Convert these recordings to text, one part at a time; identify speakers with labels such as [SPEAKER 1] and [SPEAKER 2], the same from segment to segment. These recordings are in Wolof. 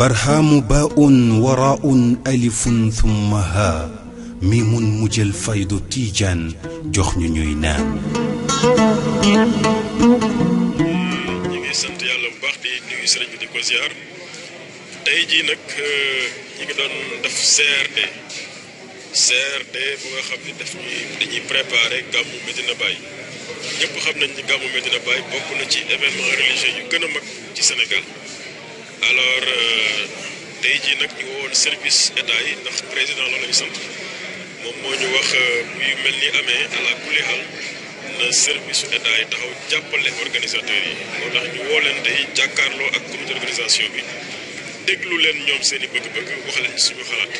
[SPEAKER 1] barhamu baun waraun alifun thumma ha mi mun mujjël faydu tiijaan jox ñu ñuy naan ñu ngi sant yàlla bu baax di nuyu sëriñ bi di ko tey jii nag euh, ñi ngi doon def CRD CRD bu nga xam ne daf ñuy dañuy préparé gàmmu Medina Baye ñëpp xam nañ ni gàmmu Medina Baye bokk na ci événement religieux yu gën a mag ci Sénégal alors euh, tey jii nag ñu woon service état yi ndax président loolu la sant moom moo ñu wax euh, bu mel ni amee ala kulli na service état yi taxaw jàppale organisateurs yi moo tax ñu woo leen tey jàkkaarloo ak comité organisation bi déglu leen ñoom seen i bëgg-bëgg wax leen suñu xalaat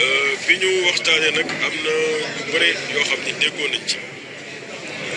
[SPEAKER 1] euh, bi ñu waxtaanee nag am na ñu bëre yoo xam ni déggoo nañ ci.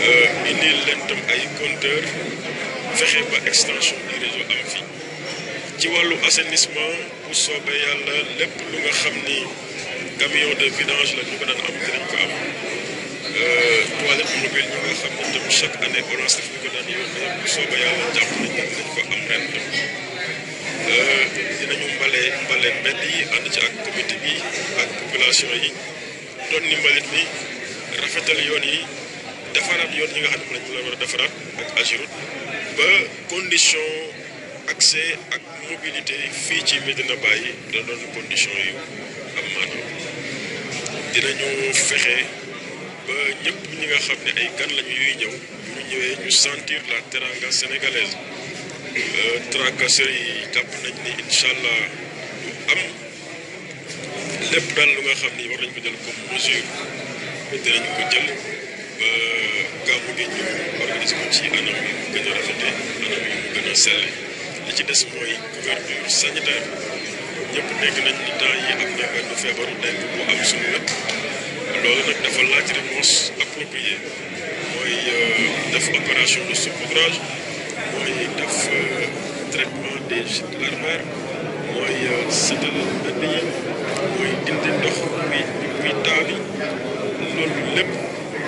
[SPEAKER 1] indil leen tam ay compteur fexe ba extension du réseau am fii ci wàllu assainissement bu soobee yàlla lépp lu nga xam ni camion de vidange la ñu ko daan am dinañ ko am euh, toilette mobile ñu nga xam ne tam chaque année orange daf ñu ko daan yónnee bu soobee yàlla jàpp nañ ne ko am ren euh, dinañu mbale mbale mbedd yi ànd ci ak comité bi ak population yi doon ni mbalit ni rafetal yoon yi defaraat yoon ñi nga xam ne moom la ñu war defaraat ak Ageroute ba condition accès ak mobilité fii ci Medina Baye dina doon condition yu am maanaam dinañu fexe ba ñëpp ñi nga xam ne ay gan lañu yuy ñëw bu ñu ñëwee ñu sentir la teranga sénégalaise euh, tracasserie yi nañ ni incha allah ñu am lépp lu nga xam ni war nañ ko jël comme mesure dinañ ko jël. ba gàmmu gi ñu ci anam yi mu gën a rafetee selle li ci des mooy couverture sanitaire ñëpp dégg nañ ni temps yi am na benn feebaru dengue bu am suñu wet loolu nag dafa laaj réponse appropriée mooy euh, def opération de saupoudrage mooy def euh, traitement des gîtes larvaires mooy euh, setal mbedd yi mooy dindi ndox muy muy taal yi loolu lépp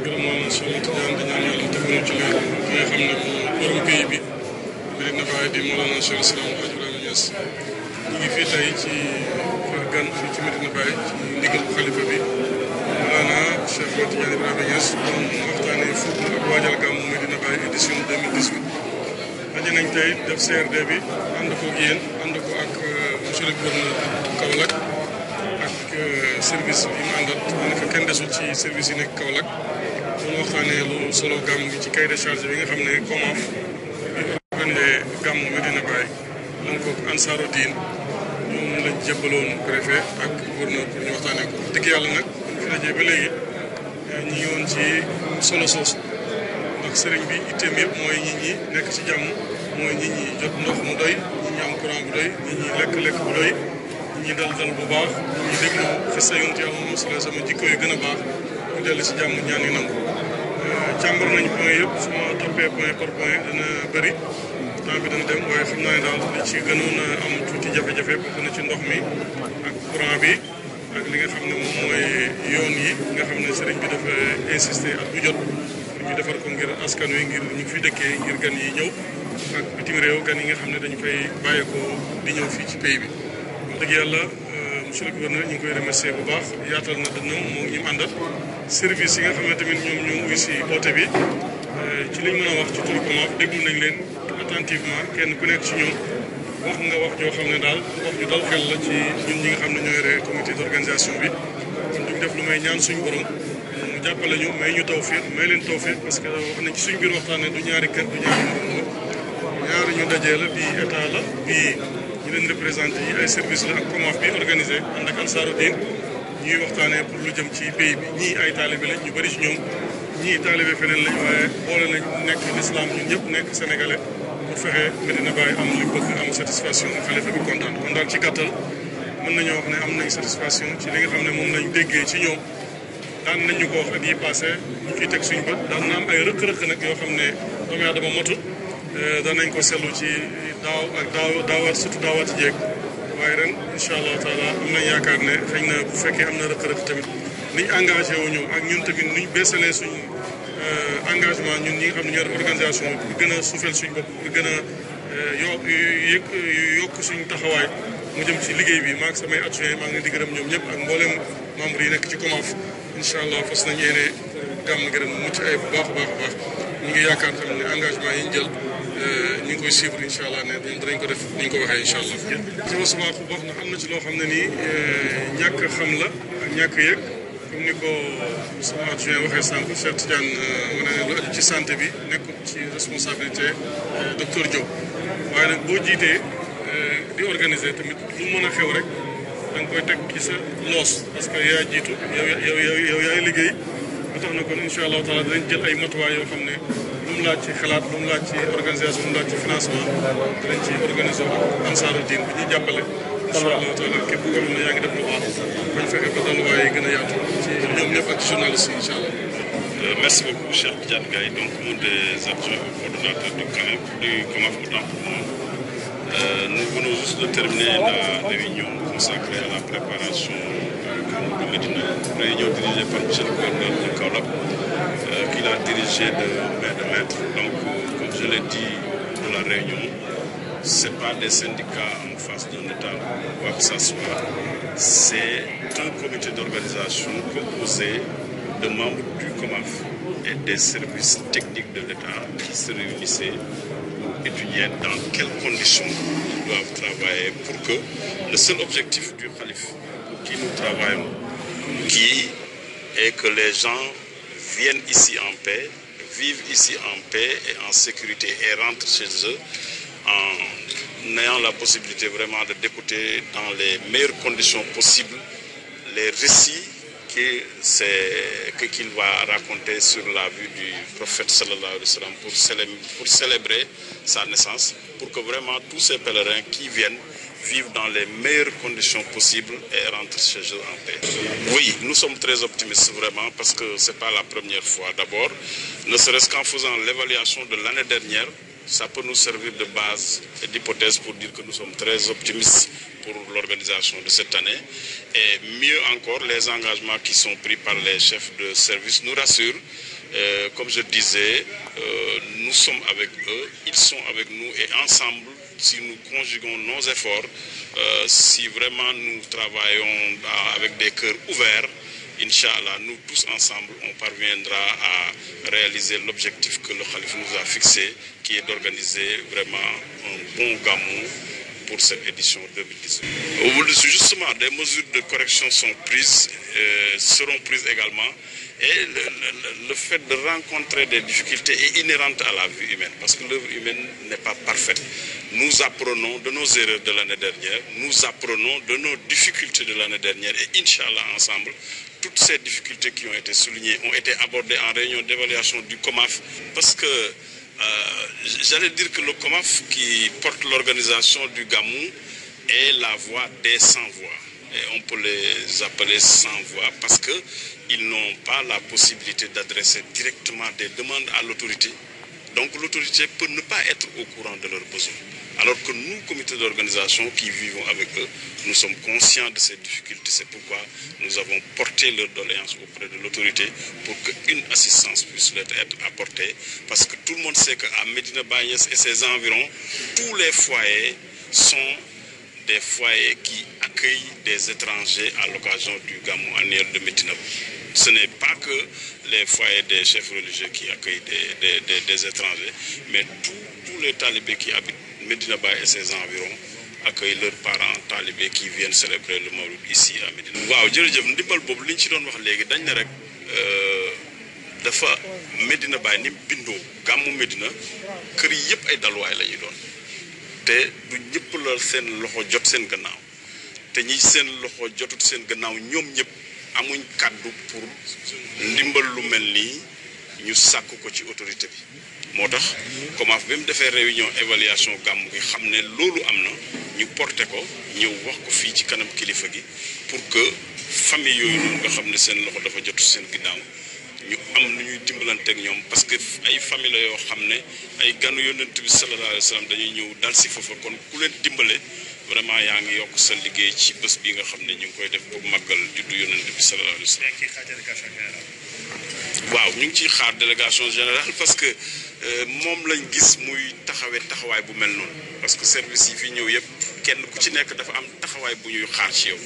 [SPEAKER 2] ngir moom suñu ñaan dañaan yàlla defal ci loolu ki nga xam ne borom pays bi mari na bàyyi di Mawlana Cheikh Islam Hadj Ibrahima Niass ñu ngi fii tey ci gan fii ci Medina Baye ci ndigal xalifa bi Mawlana Cheikh Mati Diagne Ibrahima Niass doon waxtaanee fukk ak waajal gàmmu Medina Baye édition 2018 aji nañ tey def CRD bi ànd ko yéen ànd ko ak euh, monsieur le gouverneur Kaolack ak euh, service yi mu àndat daanaka kenn desul ci service yi nekk Kaolack ñu nga xam ne loolu solo gàmm gi ci cahier de bi nga xam ne COMAF organisé gàmmu Medina Baye donc Ansaaru Diin ñoom lañ jébaloon préfet ak gouverneur pour ñu waxtaanee ko dëgg yàlla nag ñu fi dajee ba léegi eh, ñu ngi ci solo soosu ndax sëriñ bi itteem yëpp mooy nit ñi nekk ci jàmm mooy nit ñi jot ndox mu doy ñi am courant bu doy nit ñi lekk-lekk bu doy nit ñi dal dal bu baax ñi déglu xis sa yonent yàlla moom sama jikko yu gën a baax ñu dellu càmbar nañu point yëpp su ma toppee point par point dana bëri temps bi dana dem waaye xam naa ne daal li ci gënoon a am tuuti jafe-jafe bokk na ci ndox mi ak courant bi ak li nga xam ne moom mooy yoon yi nga xam ne sëriñ bi dafa insister ak bu wi ngir ñu fi dëkkee ngir yi ñëw ak bitim réew yi nga xam ne dañu fay bàyyeekoo di ñëw fii ci pays bi wax yàlla monsieur le gouverneur ñu ngi koy remercier bu baax yaatal na dënnam moo ngi ñu àndal service yi nga xam ne tamit ñoom ñoo si oote bi euh, ci liñ mën a wax ci turu leen attentivement kenn ku nekk ci ñoom wax nga wax joo xam ne daal wax ju dal xel la ci ñun ñi nga xam ne ñoo yore comité d'organisation bi kon duñ def lu may ñaan suñu borom mu jàppale ñu may ñu tawfiq may leen tawfiq parce que wax nañ ci suñ biir waxtaan ne du ñaari kër du ñaari ñaari dajee la bii état la bii ñi leen représenté yi ay service la ak COMOF bi organisé ànd ak Ansaaru Diin ñuy waxtaanee pour lu jëm ci pays bi ñii ay taalibe lañ ñu bëri ci ñoom ñii taalibe feneen lañ waaye boole nañ nekk lislaam ñun ñëpp nekk sénégalais pour fexe Medina Baye am li bëgg am satisfaction xalifa bi kontaan kon daal ci gàttal mën nañoo wax ne am nañ satisfaction ci li nga xam ne moom lañ déggee ci ñoom daan nañ ko wax at yi passé ñu ciy teg suñu bët daan na am ay rëq Euh, danañ ko seetlu ci daaw ak daaw daawaat surtout daawaati jéeg waaye ren incha allahu taala am nañ yaakaar ne xëy na bu fekkee am na rëq-rëq tamit niñ engagé wu ñu ak ñun tamit niñ beesalee suñ euh, engagement ñun ñi nga xam ne ñoo organisation gën a suufeel suñ bopp pour gën a euh, yokk yokk taxawaay mu jëm liggéey bi maak samay adjoint maa ngi di gërëm ñoom ñëpp ak mboolem membre yi nekk ci COMAF incha allah fas nañ yéene gàmm gërëm mucc ay bu baax baax baax ñu ngi yaakaar tamit ne engagement yi ñu jël Euh, ñu ngi koy suivre incha allah ne dinañ ko def ni ñu ko waxee incha allah. heureusement bu baax na am na ci loo xam ne nii euh, ñàkk xam la ak ñàkk yëg comme ni ko sama adjoint waxee sànq Cheikh Tidiane ma euh, ne lu ëpp ci santé bi waaye nag boo jiitee di tamit lu mën a xew rek. da koy teg ci sa loos parce que yaa jiitu yow yow yow yaay liggéey ba tax na kon incha allahu taala dinañ jël ay matuwaay yoo xam ne Euh, merci beaucoup donc des
[SPEAKER 1] acteurs, du euh, nous venons juste de terminer la réunion consacrée à la préparation de Médina, réunion dirigée par Michel le de euh, qu'il a dirigé de main de maître. Donc, comme je l'ai dit dans la réunion, ce n'est pas des syndicats en face d'un État quoi que ce soit, c'est un comité d'organisation composé de membres du COMAF et des services techniques de l'État qui se réunissaient pour étudier dans quelles conditions ils doivent travailler pour que le seul objectif du calife qui nous travaillons, qui est que les gens viennent ici en paix, vivent ici en paix et en sécurité et rentrent chez eux en ayant la possibilité vraiment d'écouter dans les meilleures conditions possibles les récits qu'il va raconter sur la vue du prophète sallallahu alayhi wa sallam pour célébrer sa naissance, pour que vraiment tous ces pèlerins qui viennent vivre dans les meilleures conditions possibles et rentrer chez eux en paix. Oui, nous sommes très optimistes vraiment parce que ce n'est pas la première fois. D'abord, ne serait-ce qu'en faisant l'évaluation de l'année dernière, ça peut nous servir de base et d'hypothèse pour dire que nous sommes très optimistes pour l'organisation de cette année. Et mieux encore, les engagements qui sont pris par les chefs de service nous rassurent. Euh, comme je disais, euh, nous sommes avec eux, ils sont avec nous et ensemble, si nous conjuguons nos efforts, euh, si vraiment nous travaillons avec des cœurs ouverts, Inch'Allah, nous tous ensemble, on parviendra à réaliser l'objectif que le Khalif nous a fixé, qui est d'organiser vraiment un bon gamou pour cette édition 2018. Justement, des mesures de correction sont prises, euh, seront prises également. Et le, fait de rencontrer des difficultés est inhérente à la vie humaine, parce que l'œuvre humaine n'est pas parfaite. Nous apprenons de nos erreurs de l'année dernière, nous apprenons de nos difficultés de l'année dernière, et Inch'Allah, ensemble, toutes ces difficultés qui ont été soulignées ont été abordées en réunion d'évaluation du COMAF, parce que euh, j'allais dire que le COMAF qui porte l'organisation du Gamou est la voix des sans-voix on peut les appeler sans voix parce qu'ils n'ont pas la possibilité d'adresser directement des demandes à l'autorité. Donc l'autorité peut ne pas être au courant de leurs besoins. Alors que nous, comité d'organisation qui vivons avec eux, nous sommes conscients de ces difficultés. C'est pourquoi nous avons porté leur doléance auprès de l'autorité pour qu'une assistance puisse leur être apportée. Parce que tout le monde sait qu'à Medina Bagnès et ses environs, tous les foyers sont des foyers qui l'accueil des étrangers à l'occasion du Gamou annuel de Medina. Ce n'est pas que les foyers des chefs religieux qui accueillent des, des, des étrangers, mais tous les talibés qui habitent Bay et ses environs accueillent leurs parents talibés qui viennent célébrer le Mawlid ici à Médina. waaw jërëjëf ndimbal boobu li ñu ci doon wax que dañ ne rek euh, dafa Médina Baye ni bindoo ont Médina kër yi yëpp ay dalwaay la ñuy du ñëpp te ñi seen loxo jotut seen gannaaw ñoom ñëpp amuñ kàddu pour ndimbal lu mel nii ñu sàkk ko ci autorité bi moo tax COMAF bi mu defee réunion évaluation gàmm gi xam ne loolu am na ñu porté ko ñëw wax ko fii ci kanam kilifa gi pour que famille yooyu noonu nga xam ne seen loxo dafa jotu seen ginnaaw ñu am lu ñuy dimbalanteeg ñoom parce que ay famille yoo xam ne ay ganu yonent bi sallallahu alayhi dañuy ñëw dal si foofa kon ku leen dimbale vraiment yaa ngi yokk sa liggéey ci bés bi nga xam ne ñu ngi koy def pour màggal juddu yonent bi sallallahu alayhi wa sallam waaw ñu ngi ciy xaar délégation général parce que euh, moom lañ gis muy taxawee taxawaay bu mel noonu parce que service yi fi ñëw yëpp kenn ku ci nekk dafa am taxawaay bu ñuy xaar ci yow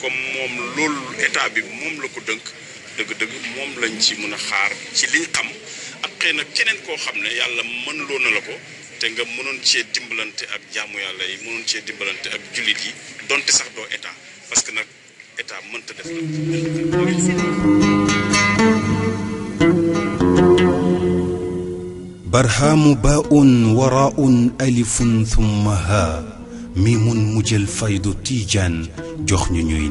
[SPEAKER 1] comme moom loolu état bi moom la ko dënk dëgg-dëgg moom lañ ci mun a xaar ci liñ xam ak xëy na keneen koo xam ne yàlla mën loo na la ko te nga mënon ci dimbalante ak jaamu yalla yi mënon ci dimbalante ak julit yi donte sax do état parce que nak état mënta def barhamu baun waraun alifun thumma ha mimun mujël faydu tijan jox ñu ñuy